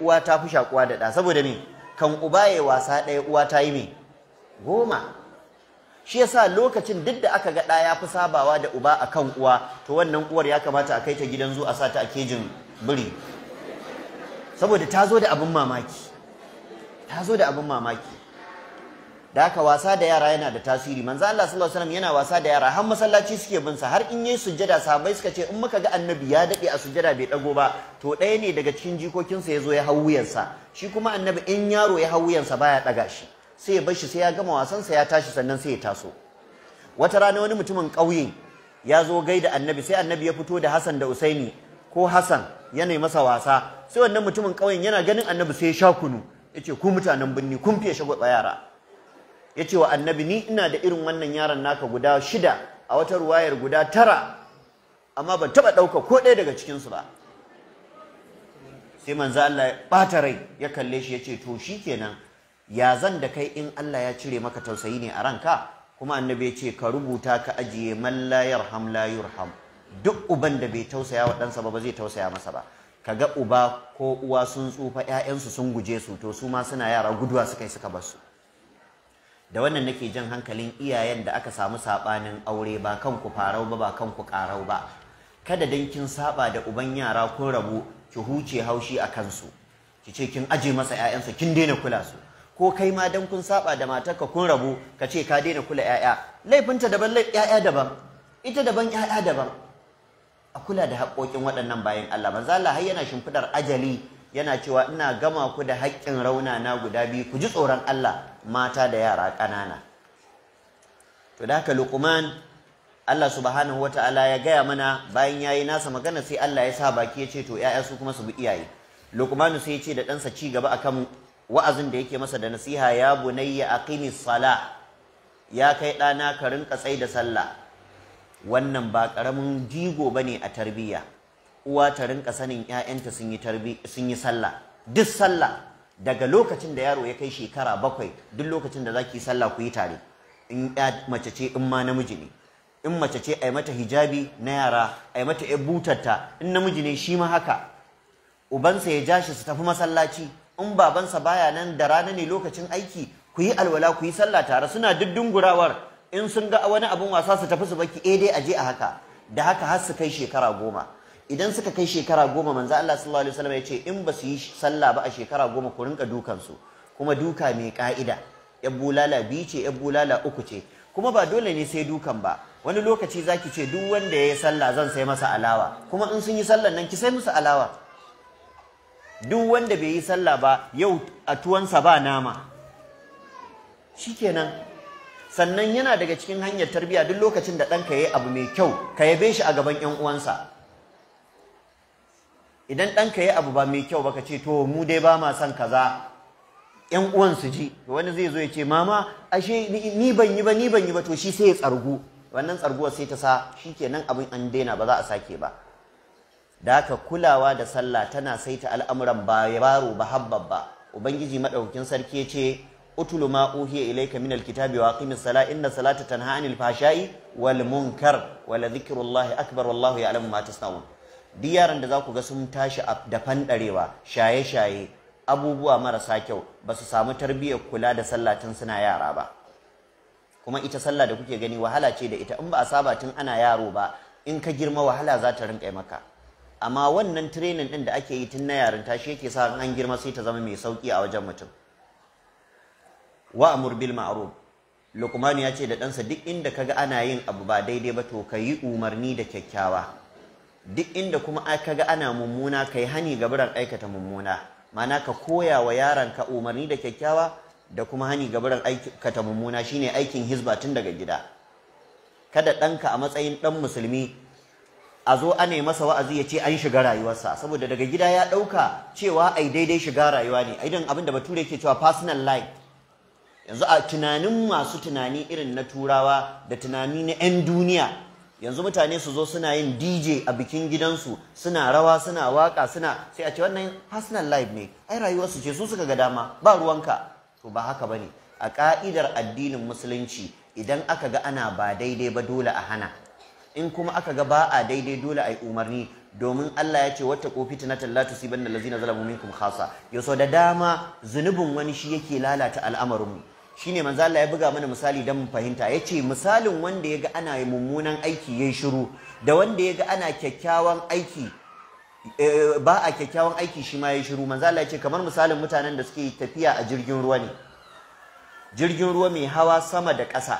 uwa ta fi shakuwa da ɗa saboda me kan uba ya wasa ɗaya uwa ta yi me goma shi yasa lokacin duk da aka ga ɗa ya fi sabawa da uba a kan uwa to wannan uwar ya kamata a kai ta gidan zu a sa a kejin biri saboda ta zo da abin mamaki ta zo da abin mamaki da haka wasa da yara yana da tasiri manzo Allah sallallahu alaihi wasallam yana wasa da yara har masallaci suke bin sa har in yayi sujjada sahabbai suka ce in muka ga annabi ya dade a sujjada bai dago ba to ɗaya ne daga cikin jikokin sa yazo ya hau wuyansa shi kuma annabi in yaro ya hau sa baya daga shi sai ya bar shi sai ya gama wasan sa ya tashi sannan sai ya taso wata rana wani mutumin ƙauye ya zo gaida annabi sai annabi ya fito da Hassan da Usaini ko Hassan yana masa wasa sai wannan mutumin ƙauyen yana ganin annabi sai ya sha kunu yace ku mutanen binni kun fiye shago yara ya ce wa annabi ni ina da irin wannan yaron naka guda shida a wata ruwayar guda tara amma ban taɓa ɗauka ko ɗaya daga cikinsu ba sai manzo Allah ya ɓata rai ya kalle shi ya ce to shi kenan ya zan da kai in Allah ya cire maka tausayi ne a ranka kuma annabi ya ce ka rubuta ka ajiye man la yarham la yurham duk uban da bai tausaya wa ɗansa ba ba zai tausaya masa ba Ka ga uba ko uwa sun tsufa 'ya'yansu sun guje su to su ma suna yara guduwa suka yi suka bar da wannan nake jan hankalin iyayen da aka samu saɓanin aure ba kanku farau ba ba kanku karau ba kada dan kin saba da uban yara kun rabu ki huce haushi a kansu ki ce kin aje masa ƴaƴansa kin daina kula su ko kai ma dan kun saba da matarka kun rabu ka ce ka daina kula ƴaƴa laifinta daban ƴaƴa daban ita daban ƴaƴa daban a kula da haƙoƙin waɗannan bayan Allah manzo Allah har yana shimfidar ajali yana cewa ina gama ku da haƙƙin na guda biyu ku ji tsoron Allah mata da yara ƙanana to da haka luqman Allah subhanahu wataala ya gaya mana bayan yayi nasa magana sai Allah ya sa baki ya ce to yaya su kuma su bi iyaye luqman sai ya ce da ɗansa ci gaba akan wa'azin da yake masa da nasiha ya bunayya aqimis sala ya kai ɗana ka rinka tsai da sallah wannan ba ƙaramin jigo bane a tarbiyya uwa ta rinka sanin 'ya'yanta sun yi tarbi sun yi sallah duk sallah daga lokacin da yaro ya kai shekara bakwai duk lokacin da zaki sallah ku yi tare in ya mace ce in ma namiji ne in mace ce ai mata hijabi na yara ai mata ya butarta in namiji ne shi ma haka ubansa ya ja shi su tafi masallaci in babansa baya nan da rana ne lokacin aiki ku yi alwala ku yi sallah tare suna duddungurawar in sun ga wani abin wasa su tafi su baki eh dai a je a haka da haka har su kai shekara goma idan suka kai shekara goma manzo Allah sallallahu alaihi wasallam ya ce in ba su yi sallah ba a shekara goma ku rinka dukansu kuma duka mai ka'ida yan bulala biyu ce yan bulala uku ce kuma ba dole ne sai dukan ba wani lokaci zaki ce duk wanda ya yi sallah zan sai masa alawa kuma in sun yi sallan nan ki sai musu alawa duk wanda bai yi sallah ba yau a tuwansa ba nama shikenan sannan yana daga cikin hanyar tarbiyya duk lokacin da ɗanka ya yi abu mai kyau ka yabe shi a gaban 'yan uwansa idan ɗanka yi abu ba mai kyau baka ce to mu dai ba ma son kaza yan uwan su ji wani zai zo ya ce mama ashe ni ban yi ba ni ban yi ba to shi sai ya tsargu wannan tsarguwar sai ta sa shi shikenan abin an daina ba za a sake ba da haka kulawa da sallah tana saita al'amuran ba baro ba habbab ba ubangiji madaukakin sarki ya ce utulu ma uhiya ilayka min alkitabi wa aqimis sala inna salata tanha anil fahsha'i wal munkar wa la dhikrullahi akbar wallahu ya'lamu ma tasna'un duk yaran da za ku ga sun tashi a dafan ɗarewa shaye-shaye abubuwa marasa kyau ba su samu tarbiyyar kula da sallah tun suna yara ba kuma ita sallah da kuke gani wahala ce da ita in ba a saba tun ana yaro ba in ka girma wahala za ta rinƙa maka amma wannan training ɗin da ake yi tun na yaran tashi yake sa an girma sai ta zama mai sauƙi a wajen mutum wa amur bil ma'ruf ya ce da ɗansa duk inda ka ga ana yin abu ba daidai ba to ka yi umarni da kyakkyawa duk inda kuma aka ga ana mummuna kai hani ga biran aikata mummuna ma'ana ka koya wa yaron ka umarni da kyakkyawa da kuma hani ga biran aikata mummuna shine aikin hizba tun daga gida kada ɗanka a matsayin ɗan musulmi a zo ana yi masa wa'azi ya ce an shiga rayuwarsa saboda daga gida ya ɗauka cewa ai daidai shiga rayuwa ne idan abin da bature ke cewa personal life yanzu a tunanin masu tunani irin na turawa da tunani na 'yan duniya yanzu mutane su zo suna yin DJ a bikin gidansu suna rawa suna waka suna sai a ce wannan personal Live ne ai rayuwarsu ce su suka ga dama ba ruwanka to ba haka ba ne, a ka'idar addinin musulunci idan aka ga ana ba daidai ba dole a hana in kuma aka ga ba a daidai dole a yi umarni domin Allah ya ce wata kofi ta natal la tusibanna allazina zalamu minkum khasa yaso da dama zunubin wani shi yake lalata al'amarinmu Shi ne Manzala ya buga mana misali don mu fahimta ce, misalin wanda yaga ana mummunan aiki yayi shiru da wanda yaga ana kyakkyawan aiki eh, ba a kyakkyawan aiki shi ma yayi shiru manzo Allah yace kamar misalin mutanen da suke tafiya a jirgin ruwa ne jirgin ruwa mai hawa sama da ƙasa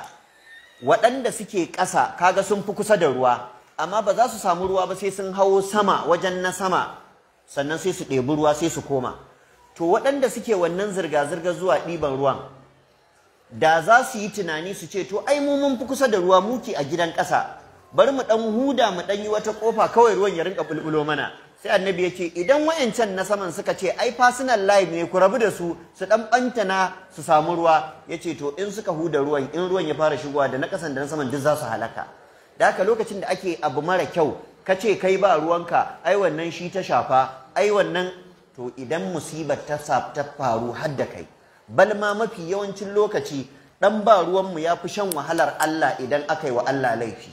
waɗanda suke ƙasa kaga sun fi kusa da ruwa amma ba za su samu ruwa ba sai sun hawo sama wajen na sama sannan sai su ɗebi ruwa sai su koma to waɗanda suke wannan zirga-zirga zuwa ɗiban ruwan da za su yi tunani su ce to ai mu mun fi kusa da ruwa muke a gidan ƙasa bari mu dan huda mu dan yi wata kofa kawai ruwan ya rinka bulbulo mana sai annabi ya ce idan wayancan na saman suka ce ai personal life ne ku rabu da su su dan bantana su samu ruwa ya ce to in suka huda ruwan in ruwan ya fara shigowa da na ƙasan da na saman duk za su halaka da haka lokacin da ake abu mara kyau ka ce kai ba ruwanka ai wannan shi ta shafa ai wannan to idan musibar ta faru har da kai Balma mafi yawancin lokaci dan ba ruwanmu ya fi shan wahalar Allah idan aka yi wa Allah laifi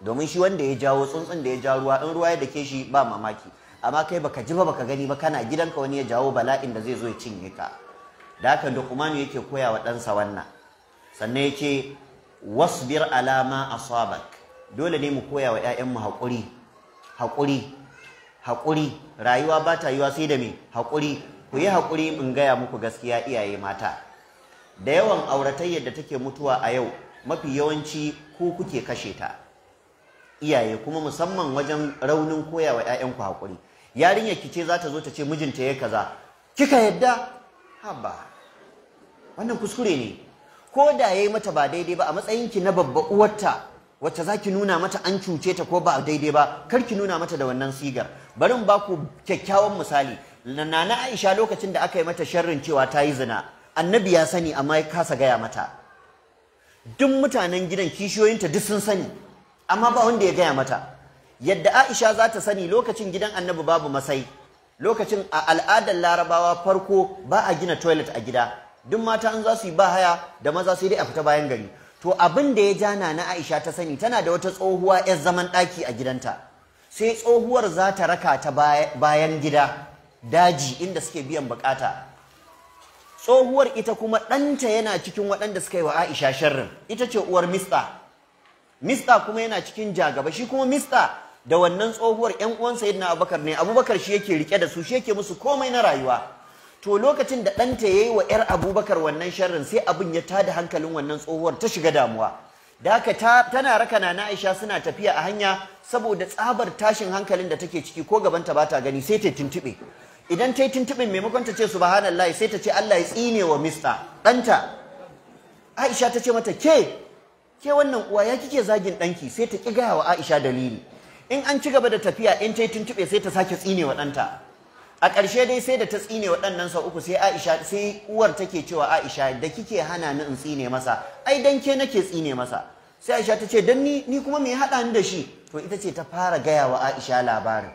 domin shi wanda ya jawo tsuntsun da ya ja ruwa in ruwa ya dake shi ba mamaki amma kai baka ji ba baka gani ba kana gidanka wani ya jawo bala'in da zai zo ya cinye ka da haka ne yake koya wa ɗansa wannan sannan yake wasbir alama asabak dole ne mu koya wa ƴaƴanmu haƙuri haƙuri haƙuri rayuwa ba ta yiwa sai da me haƙuri ku yi haƙuri in gaya muku gaskiya iyaye mata da yawan auratayyar da take mutuwa a yau mafi yawanci ku kuke kashe ta iyaye kuma musamman wajen raunin koya wa 'ya'yanku haƙuri yarinyar ki ce za ta zo ta ce mijinta ya kaza kika yadda haba wannan kuskure ne ko da ya yi mata ba daidai ba a matsayin ki na babba uwarta wacce za ki nuna mata an cuce ta ko ba daidai ba kar ki nuna mata da wannan sigar barin ba ku kyakkyawan misali nana Aisha lokacin da aka yi mata sharrin cewa ta yi zina annabi ya sani amma ya kasa gaya mata duk mutanen gidan kishiyoyinta duk sun sani amma ba wanda ya gaya mata yadda Aisha za ta sani lokacin gidan annabi babu masai lokacin a al'adar larabawa farko ba a gina toilet a gida duk mata an za su yi ba haya da maza sai dai a fita bayan gari to abin da ya ja na Aisha ta sani tana da wata tsohuwa 'yar zaman ɗaki a gidanta sai tsohuwar za ta raka ta bayan gida daji inda suke biyan bukata tsohuwar ita kuma ɗanta yana cikin waɗanda suka yi wa Aisha sharrin ita ce uwar Mista Mista kuma yana cikin jagaba shi kuma Mista da wannan tsohuwar ƴan uwan Sayyidina Abubakar ne Abubakar shi yake rike da su shi yake musu komai na rayuwa to lokacin da ɗanta yayi wa 'yar Abubakar wannan sharrin sai abin ya tada hankalin wannan tsohuwar ta shiga damuwa da haka tana raka na Aisha suna tafiya a hanya saboda tsabar tashin hankalin da take ciki ko gabanta ba ta gani sai ta tuntube idan ta yi tuntuɓin maimakon ta ce subhanallah sai ta ce Allah ya tsine wa mista ɗanta Aisha ta ce mata ke ke wannan uwa ya kike zagin ɗanki sai ta ƙi gaya wa Aisha dalili in an ci gaba da tafiya in ta yi tuntuɓe sai ta sake tsine wa ɗanta a ƙarshe dai sai da ta tsine wa ɗannan sau uku sai Aisha sai uwar take cewa Aisha da kike hana ni in tsine masa ai dan ke nake tsine masa sai Aisha ta ce dan ni ni kuma me haɗa ni da shi to ita ce ta fara gaya wa Aisha labarin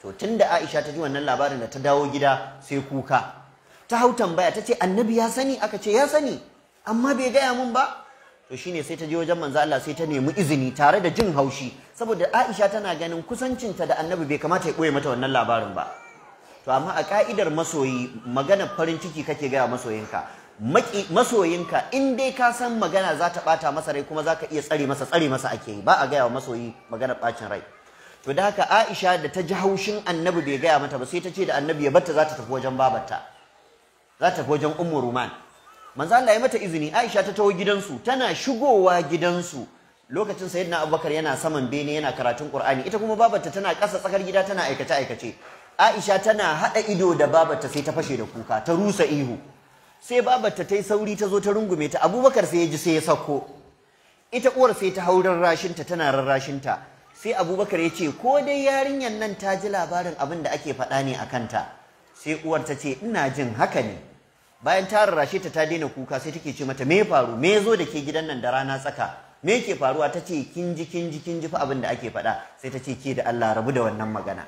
to tun da Aisha ta ji wannan labarin da ta dawo gida sai kuka ta hau tambaya ta ce annabi ya sani aka ce ya sani amma bai gaya mun ba to shine sai ta je wajen manzo Allah sai ta nemi izini tare da jin haushi saboda Aisha tana ganin kusancinta da annabi bai kamata ya koye mata wannan labarin ba to amma a ka'idar masoyi magana farin ciki kake gaya masoyinka masoyinka in dai ka san magana za ta bata masa rai kuma za ka iya tsare masa tsare masa ake yi ba a gaya wa masoyi maganar bacin rai to da haka Aisha da ta ji haushin Annabi bai gaya mata ba sai ta ce da Annabi ya batta za ta tafi wajen babarta za ta tafi wajen Ummu Ruman manzo Allah ya mata izini Aisha ta tawo gidansu tana shigowa gidansu lokacin sayyidina Abubakar yana saman bene yana karatun Qur'ani ita kuma babarta tana kasa tsakar gida tana aikace aikace Aisha tana hada ido da babarta sai ta fashe da kuka ta rusa ihu sai babarta ta yi sauri ta zo ta rungume ta Abubakar sai ya ji sai ya sako ita uwar sai ta hauran rashinta tana rarrashinta sai abubakar ya ce ko dai yarinyar nan ta ji labarin abin da ake faɗa ne a kanta sai uwar ta ce ina jin haka ne bayan ta rarrashe ta ta daina kuka sai take ce mata me faru me zo da ke gidan nan da rana tsaka me ke faruwa ta ce kin ji kin ji kin ji fa abin da ake faɗa sai ta ce ke da Allah rabu da wannan magana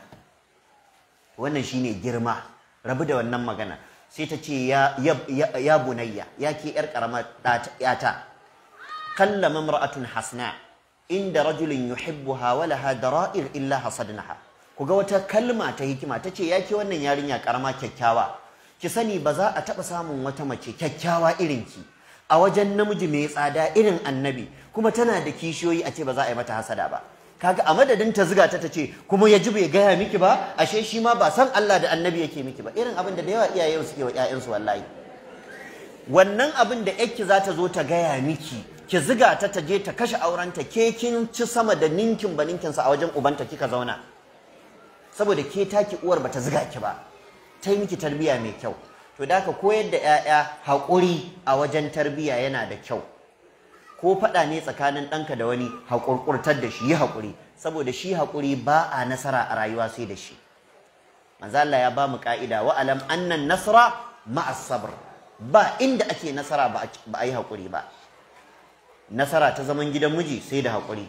wannan shine girma rabu da wannan magana sai ta ce ya ya bunayya ya ke yar karama ɗata ta kallama mar'atun hasna inda rajulin yuhibbuha wa laha dara'ir illa hasadnaha ga wata kalma ta hikima tace yake wannan yarinya karama kyakkyawa ki sani ba za a taba samun wata mace kyakkyawa irin ki a wajen namiji mai tsada irin annabi kuma tana da kishiyoyi a ce ba za a yi mata hasada ba kaga a madadin ta ziga ta tace kuma yaji ji bai gaya miki ba ashe shi ma ba san Allah da annabi yake miki ba irin abin da da yawa iyaye suke wa ƴaƴansu wallahi wannan abin da yake za ta zo ta gaya miki ki ziga ta ta je ta kashe aurenta ke kin ci sama da ninkin ba ninkin sa a wajen ubanta kika zauna saboda ke taki uwar bata ziga ki ba ta yi miki tarbiya mai kyau to da ka koyar da 'ya'ya haƙuri a wajen tarbiya yana da kyau ko faɗa ne tsakanin ɗanka da wani haƙurƙurtar da shi yi haƙuri saboda shi haƙuri ba a nasara a rayuwa sai da shi manzo Allah ya ba mu ka'ida wa alam annan nasra ma'as sabr ba inda ake nasara ba a yi haƙuri ba nasara ta zaman gidan miji sai da haƙuri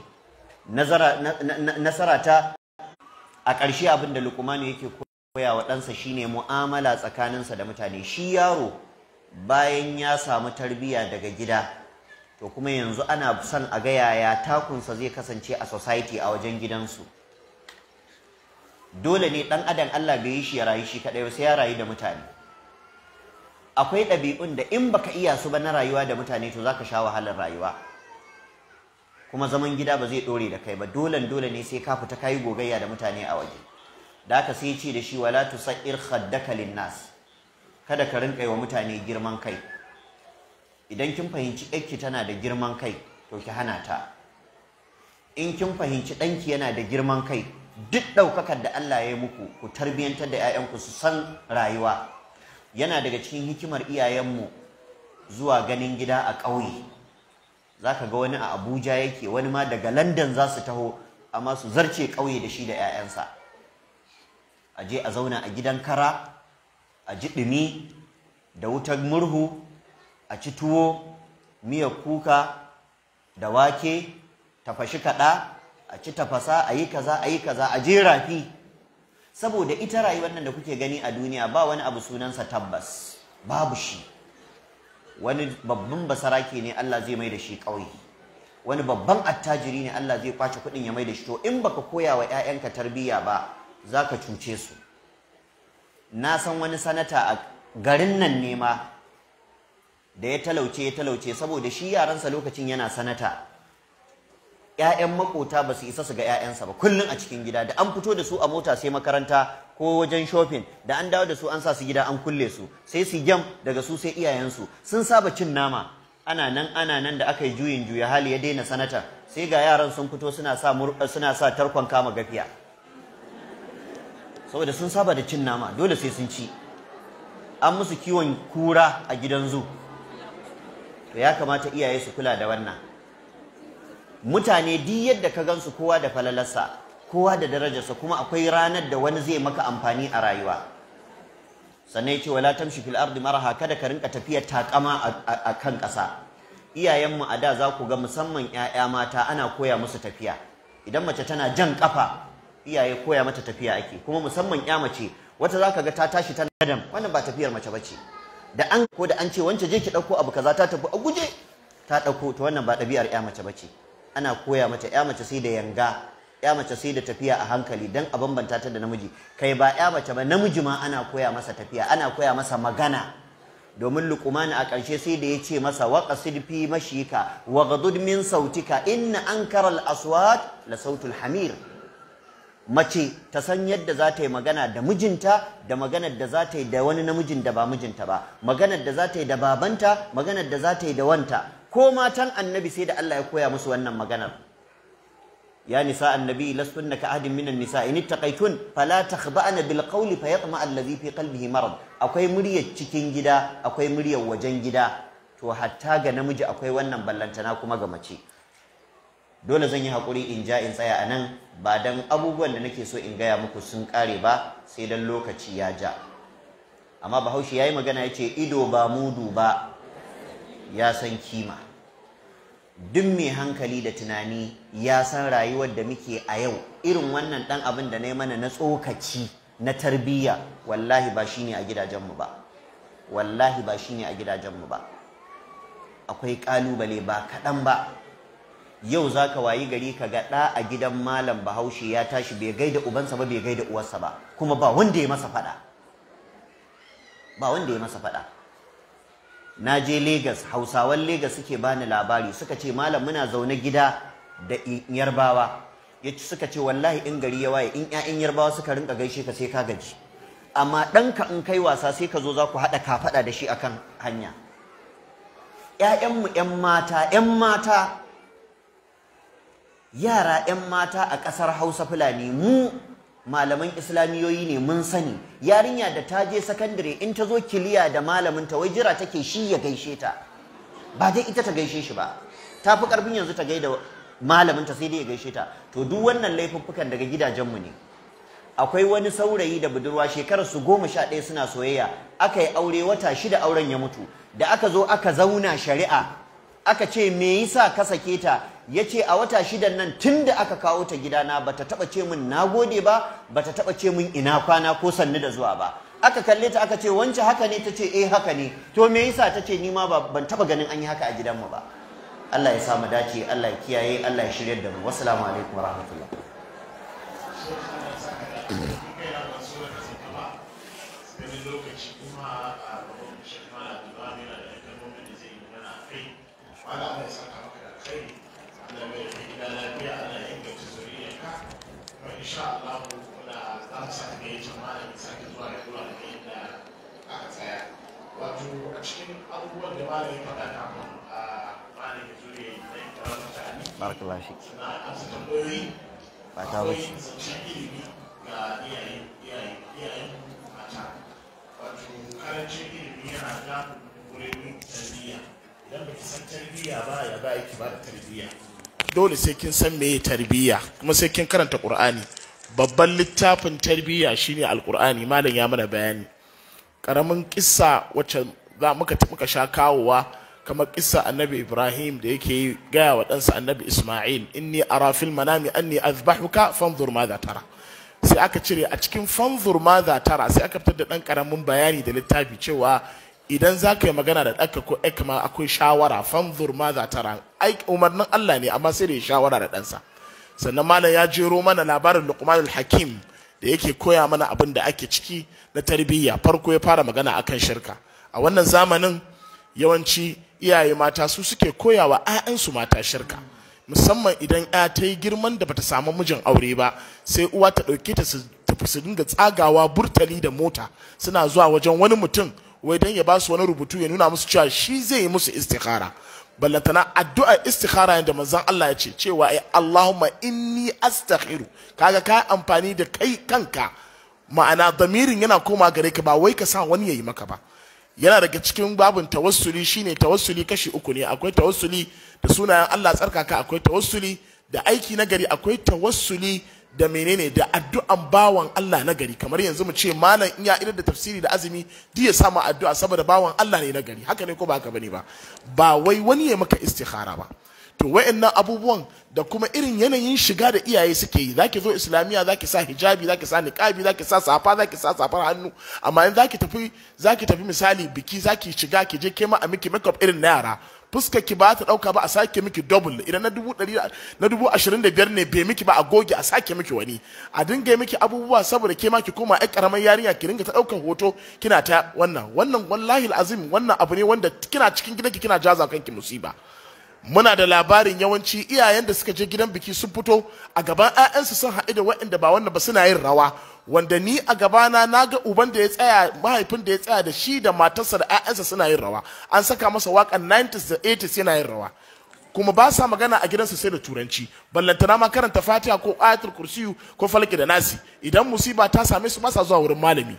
nasara ta a ƙarshe abin da lukumanu yake koya wa ɗansa shine mu'amala tsakaninsa da mutane shi yaro bayan ya samu tarbiyya daga gida to kuma yanzu ana son a ga yaya takunsa zai kasance a society a wajen gidansu dole ne ɗan adam Allah bai yi shi ya rayu shi kaɗai sai ya rayu da mutane akwai ɗabi'un da in baka iya su ba na rayuwa da mutane to zaka sha wahalar rayuwa kuma zaman gida ba zai dore da kai ba dolan dole ne sai ka fita kayi gogayya da mutane a waje da haka sai ce da shi wala tusair khaddaka linnas kada ka rinka wa mutane girman kai idan kin fahimci ɗanki tana da girman kai to ki hana ta in kin fahimci ɗanki yana da girman kai duk ɗaukakar da Allah ya yi muku ku tarbiyyantar da 'ya'yanku su san rayuwa yana daga cikin hikimar iyayenmu zuwa ganin gida a ƙauye za ka ga wani a abuja yake wani ma daga london za su taho amma su zarce ƙauye da shi da 'ya'yansa a je a zauna a gidan kara a ji ɗumi da wutar murhu a ci tuwo miyar kuka da wake tafashi kaɗa a ci tafasa a yi kaza a yi kaza a je rafi saboda ita rayuwar nan da kuke gani a duniya ba wani abu sunansa tabbas babu shi wani babban basarake ne Allah zai mai da shi ƙauye wani babban attajiri ne Allah zai kwace kuɗin ya mai da shi to in baka koya wa 'ya'yanka tarbiyya ba za ka cuce su na san wani sanata a garin nan ne ma da ya talauce ya talauce saboda shi yaransa lokacin yana sanata ‘ya'yan makota ba su isa su ga ‘ya'yansa ba kullum a cikin gida da an fito da su a mota sai makaranta ko wajen shopping da an dawo da su an sa su gida an kulle su sai su jam daga su sai iyayensu sun saba cin nama ana nan ana nan da aka yi juyin juya hali ya daina sanata sai ga yaran sun fito suna sa suna sa tarkon kama gafiya saboda sun saba da cin nama dole sai sun ci an musu kiwon kura a gidan zu to ya kamata iyaye su kula da wannan mutane duk yadda ka gansu kowa da falalarsa kowa da darajarsa kuma akwai ranar da wani zai maka amfani a rayuwa sannan yace wala tamshi fil ardi maraha kada ka rinka tafiya takama a kan ƙasa iyayenmu a da za ku ga musamman 'ya'ya mata ana koya musu tafiya idan mace tana jan kafa iyaye koya mata tafiya ake kuma musamman 'ya mace wata za ka ga ta tashi tana gadam wannan ba tafiyar mace bace da an ko da an ce wance je ki ɗauko abu kaza ta tafi a guje ta ɗauko ta wannan ba ɗabi'ar 'ya mace bace ana koya mata 'ya mace sai da yanga ya mace sai da tafiya a hankali don a bambanta ta da namiji kai ba ya mace ba namiji ma ana koya masa tafiya ana koya masa magana domin luqman a ƙarshe sai da ya ce masa waqasid fi mashika waghadud min sautika inna ankara al-aswat la sautul hamir mace ta san yadda za ta yi magana da mijinta da maganar da za ta yi da wani namijin da ba mijinta ba maganar da za ta yi da babanta maganar da za ta yi da wanta ko matan annabi sai da Allah ya koya musu wannan maganar Ya nisa يا نساء النبي لستن كأحد nisa النساء إن اتقيتن فلا تخضعن بالقول فيطمع الذي في قلبه مرض Akwai muryar cikin gida akwai murya wajen gida to hatta ga namiji akwai wannan ballantana kuma ga mace dole zan yi hakuri in ja in tsaya anan ba dan abubuwan da nake so in gaya muku sun kare ba sai dan lokaci ya ja amma bahaushe yayi magana yace ido ba mudu ba ya san kima duk mai hankali da tunani ya san rayuwar da muke a yau irin wannan dan abin da na yi mana na tsokaci na tarbiyya wallahi ba shi ne a gidajenmu ba wallahi ba ne a gidajenmu ba akwai kalubale ba kaɗan ba yau za ka wayi gari ka ga a gidan malam bahaushe ya tashi bai gaida ubansa ba bai gaida uwarsa ba kuma ba wanda ya masa faɗa wanda ya masa faɗa na je Legas Hausawan Legas suke bani labari suka ce malam muna zaune gida da Yarbawa yace suka ce wallahi in gari ya waye in 'ya'yan Yarbawa suka rinka gaishe ka sai ka gaji amma ɗanka in kai wasa sai ka zo za ku haɗa kafaɗa da shi akan hanya 'ya'yan mu ‘yan mata ‘yan mata yara ‘yan mata a ƙasar Hausa Fulani mu malaman islamiyoyi ne mun sani yarinya da ta je sakandare in ta zo kiliya da malamin ta wai jira take shi ya gaishe ta ba dai ita ta gaishe shi ba ta fi karfin yanzu ta gaida malamin ta sai dai ya gaishe ta to duk wannan laifuffukan daga gidajenmu ne akwai wani saurayi da budurwa shekarar su goma sha ɗaya suna soyayya aka yi aure wata shida auren ya mutu da aka zo aka zauna shari'a aka ce me yasa ka sake ta yace a wata shidan nan tun da aka kawo ta gidana ba ta taɓa ce min na gode ba ba ta taɓa ce min ina kwana ko sannu da zuwa ba aka kalle ta aka ce wance haka ne ta ce eh haka ne to me yasa ta ce ni ma ban taɓa ganin an yi haka a gidanmu ba Allah ya sa mu dace Allah ya kiyaye Allah ya shiryar da mu assalamu alaikum warahmatullahi lokaci kuma a gaban da ba da da zai yi mana kai ya idan ba san tarbiyya ba ya ba ki ba tarbiyya dole sai kin san meye tarbiyya kuma sai kin karanta qur'ani babban littafin tarbiyya shine alkur'ani malam ya mana bayani karamin kissa wacce za muka muka sha kawowa kamar kissa annabi ibrahim da yake gaya wa ɗansa annabi isma'il inni ara manami anni azbahuka fanzur madha tara sai aka cire a cikin fanzur madha tara sai aka fitar da ɗan karamin bayani da littafi cewa idan za ka yi magana da ɗanka ko ekma akwai shawara fanzur madha tara ai umarnin allah ne amma sai da shawara da ɗansa sannan malam ya jero mana labarin al hakim da yake koya mana abin da ake ciki na tarbiyya farko ya fara magana akan shirka a wannan zamanin yawanci iyaye mata su suke koya wa 'ya'yansu mata shirka musamman idan 'ya ta yi girman da bata samu mijin aure ba sai uwa ta ɗauke ta su tafi su dinga tsagawa burtali da mota suna zuwa wajen wani mutum wai dan ya ba su wani rubutu ya nuna musu cewa shi zai yi musu istikhara ballantana addu'a istikhara yanda manzon Allah ya ce cewa ai Allahumma inni astakhiru kaga ka amfani da kai kanka ma'ana damirin yana koma gare ka ba wai ka sa wani yayi maka ba yana daga cikin babun tawassuli shine tawassuli kashi uku ne akwai tawassuli da sunayen Allah tsarkaka akwai tawassuli da aiki na gari akwai tawassuli da menene da addu'an bawan Allah na gari kamar yanzu mu ce malam in ya irin da tafsiri da azumi duk ya samu addu'a saboda bawan Allah ne na gari haka ne ko ba haka bane ba ba wai wani ya maka istikhara ba to wayannan abubuwan da kuma irin yanayin shiga da iyaye suke yi zaki zo islamiya zaki sa hijabi zaki sa niqabi zaki sa safa zaki sa safar hannu amma in zaki tafi zaki tafi misali biki zaki shiga ki je kema a miki makeup irin na yara fuska ki ba ta dauka ba a sake miki double idan na dubu ɗari na dubu ashirin da biyar ne bai miki ba a goge a sake miki wani a dinga miki abubuwa saboda ke ma ki koma ai karamar yarinya ki dinga ta daukan hoto kina ta wannan wannan wallahi azim wannan abu ne wanda kina cikin gidanki kina jaza kanki musiba muna da labarin yawanci iyayen da suka je gidan biki sun fito a gaban 'ya'yansu sun haɗu da waɗanda ba wannan ba suna yin rawa wanda ni a gabana na ga uban da ya tsaya mahaifin da ya tsaya da shi da matarsa da 'ya'yansa suna yin rawa an saka masa waƙan 90s da 80s yana yin rawa kuma ba sa magana a gidansu sai da turanci ballantana ma karanta fatiha ko ayatul kursiyu ko falki da nasi idan musiba ta same su ba sa zuwa wurin malami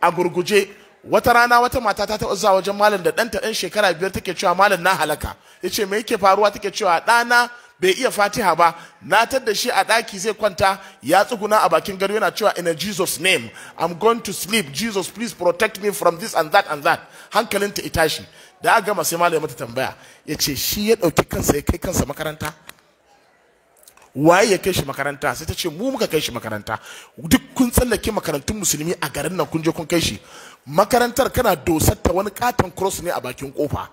a gurguje wata rana wata mata ta taɓa zuwa wajen malam da ɗanta ɗan shekara biyar take cewa malam na halaka ya ce me yake faruwa take cewa ɗana bai iya fatiha ba na da shi a ɗaki zai kwanta ya tsuguna a bakin gari yana cewa in a jesus name i'm going to sleep jesus please protect me from this and that and that hankalinta ita shi da aka gama sai malam mata tambaya ya ce shi ya ɗauki kansa ya kai kansa makaranta waye ya kai shi makaranta sai ta ce mu muka kai shi makaranta duk kun tsallake makarantun musulmi a garin nan kun je kun kai shi makarantar kana dosar wani katon cross ne a bakin kofa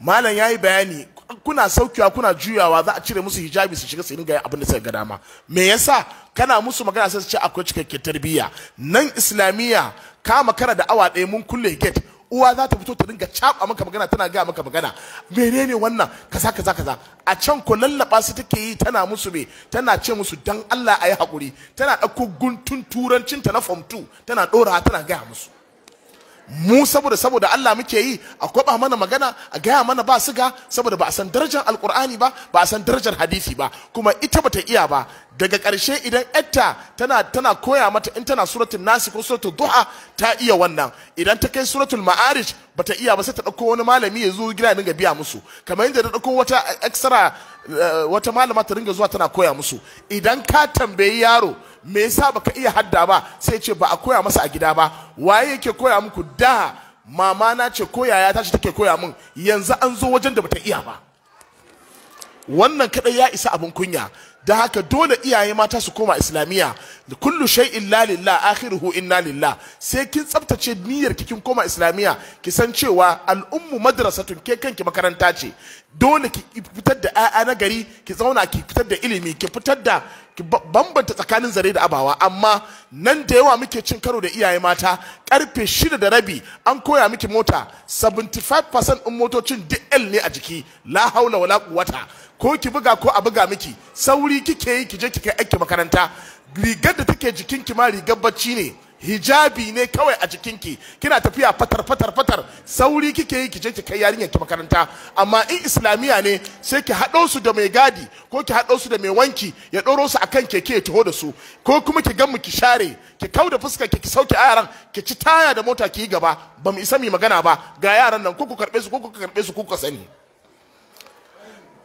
malam yayi bayani kuna saukewa kuna juyawa za a cire musu hijabi su shiga su dinga abin da suka ga dama me yasa kana musu magana sai su ce akwai cikakke tarbiyya nan islamiyya ka makara da awa ɗaya mun kulle gate uwa za ta fito ta dinga caba maka magana tana gaya maka magana menene wannan kaza kaza kaza a can ko lallaba su take yi tana musu me tana ce musu dan Allah ayi hakuri tana dauko guntun turancin ta na form 2 tana ɗorawa tana gaya musu mu saboda saboda Allah muke yi a kwaba mana magana a gaya mana ba siga saboda ba a san darajar alkur'ani ba ba a san darajar hadisi ba kuma ita bata iya ba daga ƙarshe idan etta tana tana koya mata in tana suratul nasi ko suratul duha ta iya wannan idan ta kai suratul ma'arij bata iya ba sai ta ɗauko wani malami ya zo gida dinga biya musu kamar yadda ta ɗauko wata extra eh, wata malama ta ringa zuwa tana koya musu idan ka tambayi yaro me yasa baka iya hadda ba sai ce ba a koya masa a gida ba waye yake koya muku da mama na ce ko yaya ta ce take koya min yanzu an zo wajen da bata iya ba wannan kadai ya isa abin kunya da haka dole iyaye mata su koma islamiyya kullu shai la lillah akhiruhu inna lillah sai kin tsaftace niyyar ki kin koma islamiyya ki san cewa al'ummu madrasatun ke kanki makaranta ce dole ki fitar da 'ya'ya na gari ki zauna ki fitar da ilimi ki fitar da ki bambanta tsakanin zare da abawa amma nan da yawa muke cin karo da iyaye mata karfe shida da rabi an koya miki mota 75% din motocin DL ne a jiki la haula wala quwwata ko ki buga ko a buga miki sauri kike yi kije kike aiki makaranta rigar da take jikinki ma rigar bacci ne hijabi ne kawai a jikinki kina tafiya fatar fatar fatar sauri kike yi kije ki kai yarinyar ki makaranta amma in islamiya ne sai ki haɗo su da mai gadi ko ki haɗo su da mai wanki ya ɗoro su akan keke ya taho da su ko kuma ki gamu ki share ki kau da fuska ki sauke yaran ki ci taya da mota ki yi gaba ba mu isa mu magana ba ga yaran nan ko ku karɓe su ko ku karɓe su ku ku sani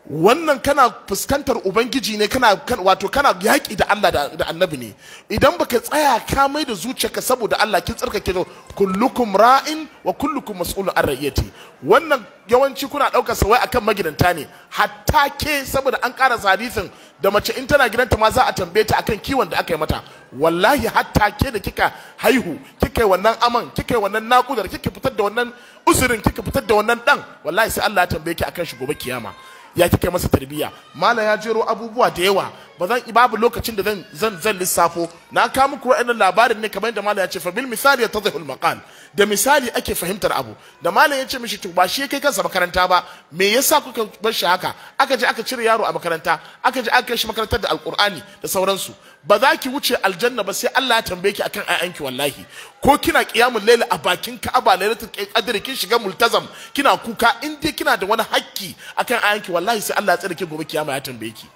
wannan kana fuskantar ubangiji ne kana wato kana yaƙi da Allah da annabi ne idan baka tsaya ka mai da zuciyarka saboda Allah kin tsarkake zo kullukum ra'in wa kullukum mas'ulun an rayyati wannan yawanci kuna daukar sa wai akan magidanta ne hatta ke saboda an ƙara hadisin da mace in tana gidanta ma za a tambaye ta akan kiwon da aka yi mata wallahi hatta ke da kika haihu kika yi wannan aman kika yi wannan naƙudar kika fitar da wannan usurin kika fitar da wannan ɗan wallahi sai Allah ya tambaye ki akan shi gobe kiyama ya kike masa tarbiyya malam ya jero abubuwa da yawa ba zan babu lokacin da zan zan zan lissafo na ka kuwa ɗan labarin ne kamar da malam ya ce fa bil misali yatadhihu al da misali ake fahimtar abu da malam ya ce mishi to ba shi kai kansa makaranta ba me yasa kuka bar shi haka aka je aka cire yaro a makaranta aka je aka kai shi makarantar da alqur'ani da sauransu ba za ki wuce aljanna ba sai Allah ya tambaye ki akan ayyanki wallahi ko kina qiyamul layl a bakin ka'aba lailatul qadr kin shiga multazam kina kuka in dai kina da wani hakki akan ayyanki wallahi sai Allah ya tsare ki gobe kiyama ya tambaye ki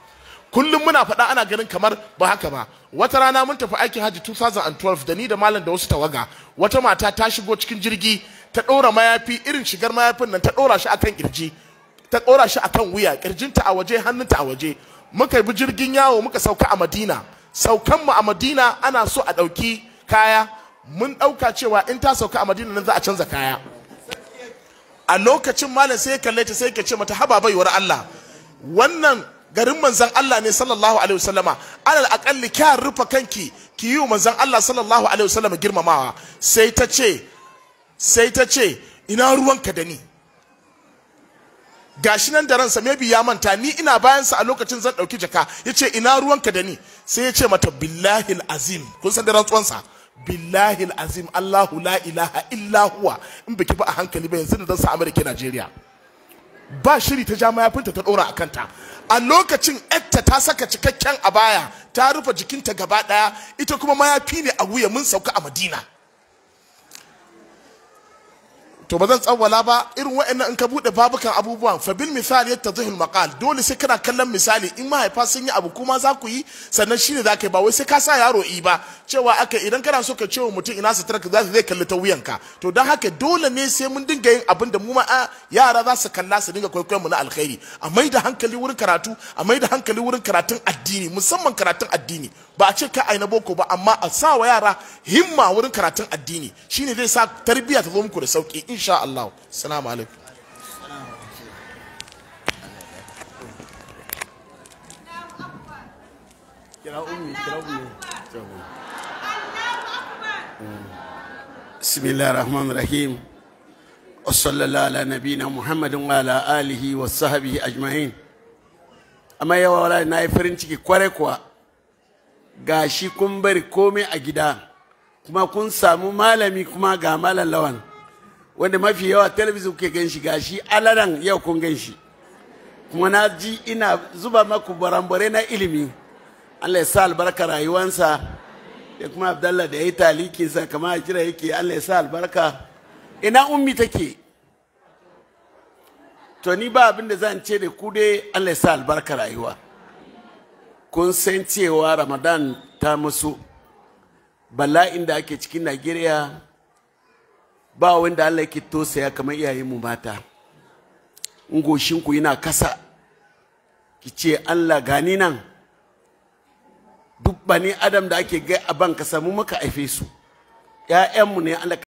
kullum muna faɗa ana ganin kamar ba haka ba wata rana mun tafi aikin hajji 2012 da ni da malam da wasu tawaga wata mata ta shigo cikin jirgi ta ɗora mayafi irin shigar mayafin nan ta ɗora shi akan kirji ta ɗora shi akan wuya kirjinta a waje hannunta a waje muka bi jirgin yawo muka sauka a madina saukan mu a madina ana so a ɗauki kaya mun ɗauka cewa in ta sauka a madina nan za a canza kaya a lokacin malam sai ya kalle ta sai ya ce mata haba baiwar Allah wannan garin manzan Allah ne sallallahu alaihi wasallama alal akalli kya rufa kanki ki yi manzan Allah sallallahu alaihi wasallama girmamawa sai ta ce sai ta ce ina ruwanka da ni gashi nan da ransa maybe ya manta ni ina bayansa a lokacin zan dauki jaka yace ina ruwanka da ni sai yace mata billahi azim kun san da rantsuwansa billahi azim Allahu la ilaha illa huwa in biki ba a hankali ba yanzu da zan sa Amerika Najeriya ba shiri ta ja mayafinta ta dora a kanta a lokacin etta ta saka cikakken abaya ta rufe jikinta gaba ɗaya ita kuma mayafi ne a wuya mun sauka a madina to ba zan tsawwala ba irin wa'annan in ka bude babukan abubuwan fa bil misal yattadhihu maqal dole sai kana kallon misali in mahaifa sun yi abu kuma za ku yi sannan shine za ka yi ba wai sai ka sa yaro i ba cewa aka idan kana so ka ce wa mutum ina sutura ka zai kalli ta wuyanka to don haka dole ne sai mun dinga yin abin da mu ma yara za su kalla su dinga kwaikwayon mu na alkhairi a mai da hankali wurin karatu a mai da hankali wurin karatun addini musamman karatun addini ba a ce ka aina boko ba amma a sa wa yara himma wurin karatun addini shine zai sa tarbiyya ta zo muku da sauki insha Allah assalamu alaikum بسم الله الرحمن الرحيم وصلى الله على نبينا محمد وعلى وصحبه amma yawa na yi farin ciki kwarai gashi kun bari komai a gida kuma kun samu malami kuma ga malam lawan wanda mafi yawa talabijin kuke gan shi gashi alaran yau kun gan shi kuma na ji ina zuba maku barambare na ilimi Allah ya sa albarka rayuwansa da kuma Abdallah da ya yi talikinsa kama a kira yake Allah ya sa albarka ina ummi take to ni ba abin da zan ce da ku dai Allah sa albarka rayuwa kun san cewa ramadan ta musu bala'in da ake cikin nigeria ba wanda allah ke tosaya kamar iyayenmu mata ku yana kasa ki ce allah gani nan duk bani adam da ake ga a ban ka samu maka haife su ‘ya'yanmu ne allah